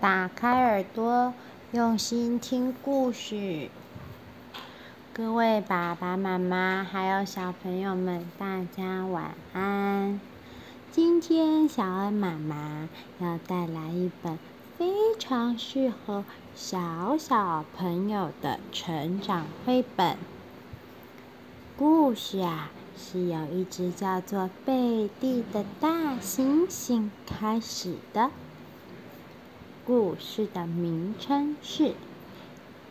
打開耳朵，用心聽故事。各位爸爸媽媽還有小朋友們，大家晚安。今天小恩媽媽要帶來一本非常適合小小朋友的成長繪本。故事啊，是由一隻叫做貝蒂的大猩猩開始的。故事的名稱是《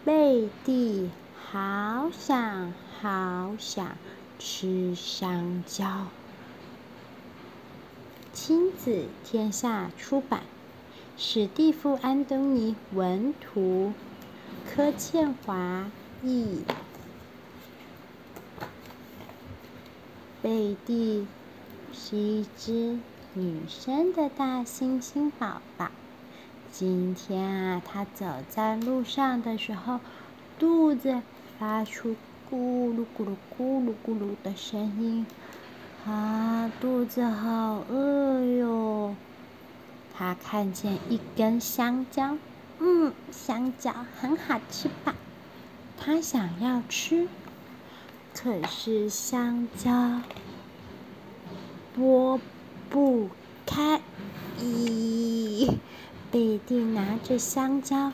貝蒂好想好想吃香蕉》。親子天下出版，史蒂夫·安東尼文圖，柯倩華譯。貝蒂是一隻女生的大猩猩寶寶。今天啊，他走在路上的時候，肚子發出咕嚕咕嚕咕嚕咕嚕嚕嚕嚕嚕嚕嚕的聲音，啊，肚子好餓喲！他看見一根香蕉，嗯，香蕉很好吃吧？他想要吃，可是香蕉剝不開，咦？貝蒂拿着香蕉，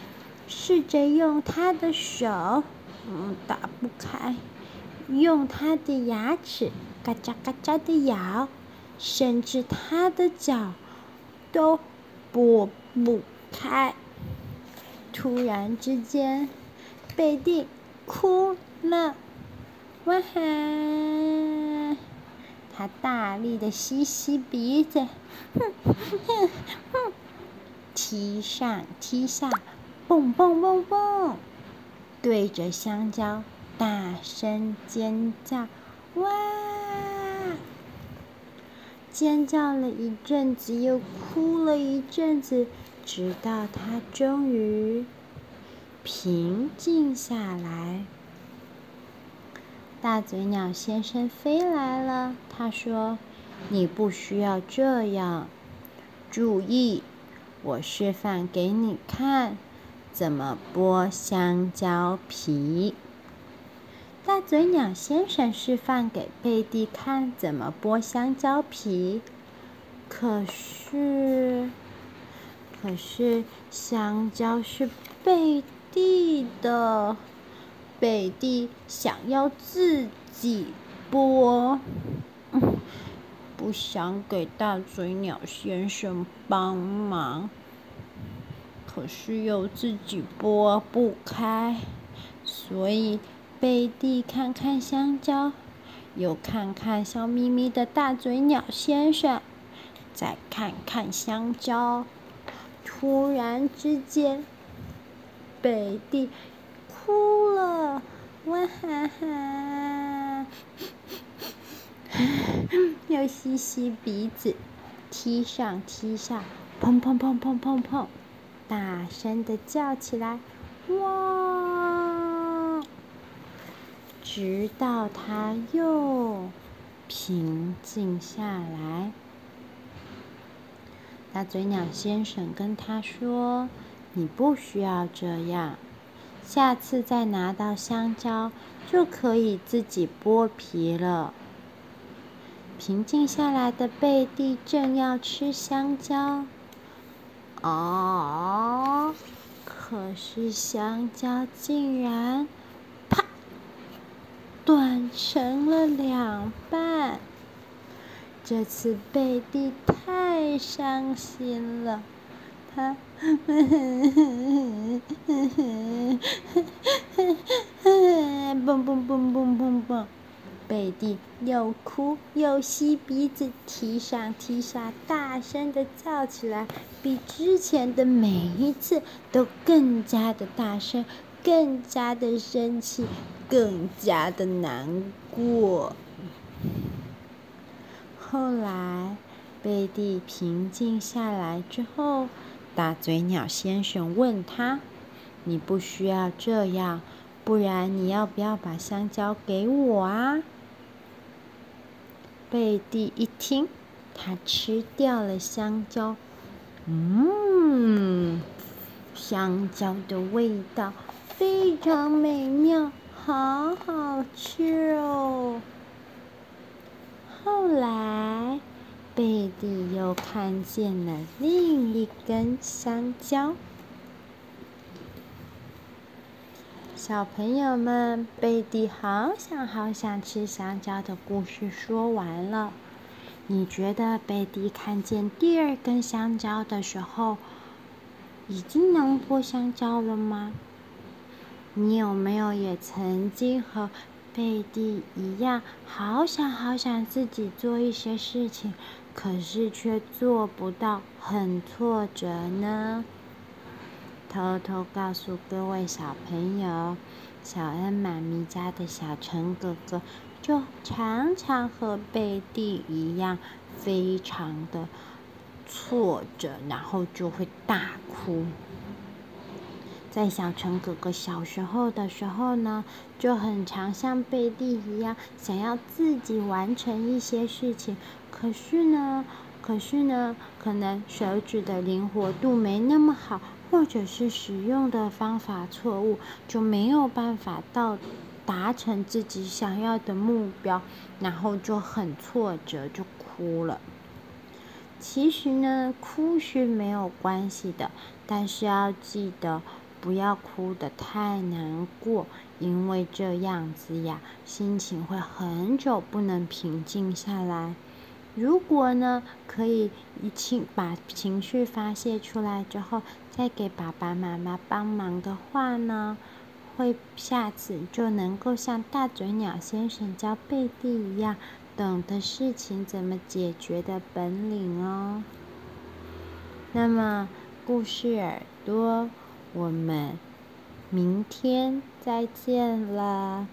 試着用他的手，嗯，打不開；用他的牙齒，嘎喳嘎喳的咬；甚至他的腳，都剝不,不開。突然之間，貝蒂哭了，哇哈！他大力的吸吸鼻子，哼哼哼。哼哼踢上踢下，蹦蹦蹦蹦，對着香蕉大聲尖叫，哇！尖叫了一陣子，又哭了一陣子，直到他終於平靜下來。大嘴鳥先生飛來了，他說：“你不需要這樣，注意。”我示範給你看，怎麼剝香蕉皮。大嘴鳥先生示範給貝蒂看，怎麼剝香蕉皮，可是，可是香蕉是貝蒂的，貝蒂想要自己剝。不想給大嘴鳥先生幫忙，可是又自己剝不開，所以貝蒂看看香蕉，又看看笑眯眯的大嘴鳥先生，再看看香蕉。突然之間，貝蒂哭了，哇哈哈！ 又吸吸鼻子，踢上踢下，砰砰砰砰砰砰，大聲的叫起來，哇！直到他又平靜下來。大嘴鳥先生跟他說：“你不需要這樣，下次再拿到香蕉，就可以自己剝皮了。”平靜下來的貝蒂正要吃香蕉，哦，可是香蕉竟然啪斷成了兩半。這次貝蒂太傷心了，他 蹦蹦蹦蹦蹦蹦，蹦。貝蒂又哭又吸鼻子，踢上踢下，大聲的叫起來，比之前的每一次都更加的大聲，更加的生氣，更加的難過。嗯。後來，貝蒂平靜下來之後，大嘴鳥先生問他：“你不需要這樣。”不然你要不要把香蕉給我啊？貝蒂一聽，她吃掉了香蕉。嗯，香蕉的味道非常美妙，好好吃哦。後來，貝蒂又看見了另一根香蕉。小朋友們，貝蒂好想好想吃香蕉的故事說完了。你覺得貝蒂看見第二根香蕉的時候，已經能剝香蕉了嗎？你有沒有也曾經和貝蒂一樣，好想好想自己做一些事情，可是却做不到，很挫折呢？偷偷告訴各位小朋友，小恩媽咪家的小陳哥哥就常常和貝蒂一樣，非常的挫折，然後就會大哭。在小陳哥哥小時候的時候呢，就很常像貝蒂一樣，想要自己完成一些事情，可是呢，可是呢，可能手指的靈活度沒那麼好。或者是使用的方法錯誤，就沒有辦法到達成自己想要的目標，然後就很挫折，就哭了。其實呢，哭是沒有關係的，但是要記得不要哭得太難過，因為這樣子呀，心情會很久不能平靜下來。如果呢，可以情把情緒發洩出來之後，再給爸爸媽媽幫忙的話呢，會下次就能夠像大嘴鳥先生教貝蒂一樣，懂得事情怎麼解決的本領哦。那麼，故事耳朵，我們明天再見啦。